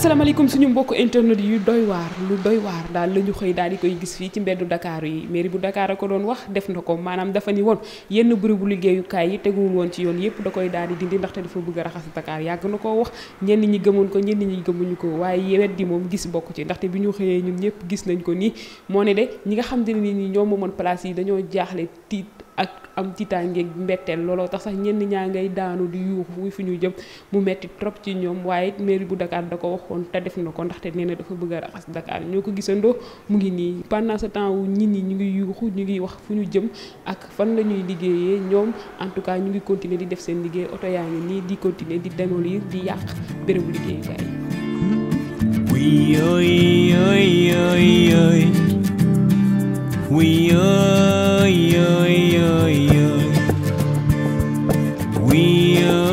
asalaamaaleykum suñu mbokk internet yu doy waar lu doy waar daal la ñu xëy daal di koy gis fii ci mbeddu Dakar yi mairie bu dakaar a ko doon wax def na ko maanaam dafa ni woon yenn bërëbu liggéeyukaay yi teguwul woon ci yoon yëpp da koy daal di dindi ndaxte dafa bëgg raxas Dakar yàgg na koo wax ñenn ñi gëmoon ko ñenn ñi gëmuñu ko waaye wet moom gis bokk ci ndaxte bi ñu xëyee ñun ñëpp gis nañ ko nii moo ne de ñi nga xam ne ni ñoo moomoon place yi dañoo jaaxle tiit ak am tiitaangeeg mbetteel lolo tax sax ñen ñaa ngay daanu di yuuxu fi ñu jëm mu metti trop ci ñom waye it mairie bu Dakar da ko waxoon te def na ko ndaxte nee na dafa bëgg a raxas Dakar ñoko ko mu ngi ni pendant ce temps wu ñin ñi ñu ngi yuuxu ñu ngi wax fu ñu jëm ak fan la ñuy liggéeyee ñoom en tout cas ñu ngi continuer di def seen liggéey auto yaa ngi nii di continuer di démolir di yaq liggéey yàq bérébu liggéeyukaay. We are, We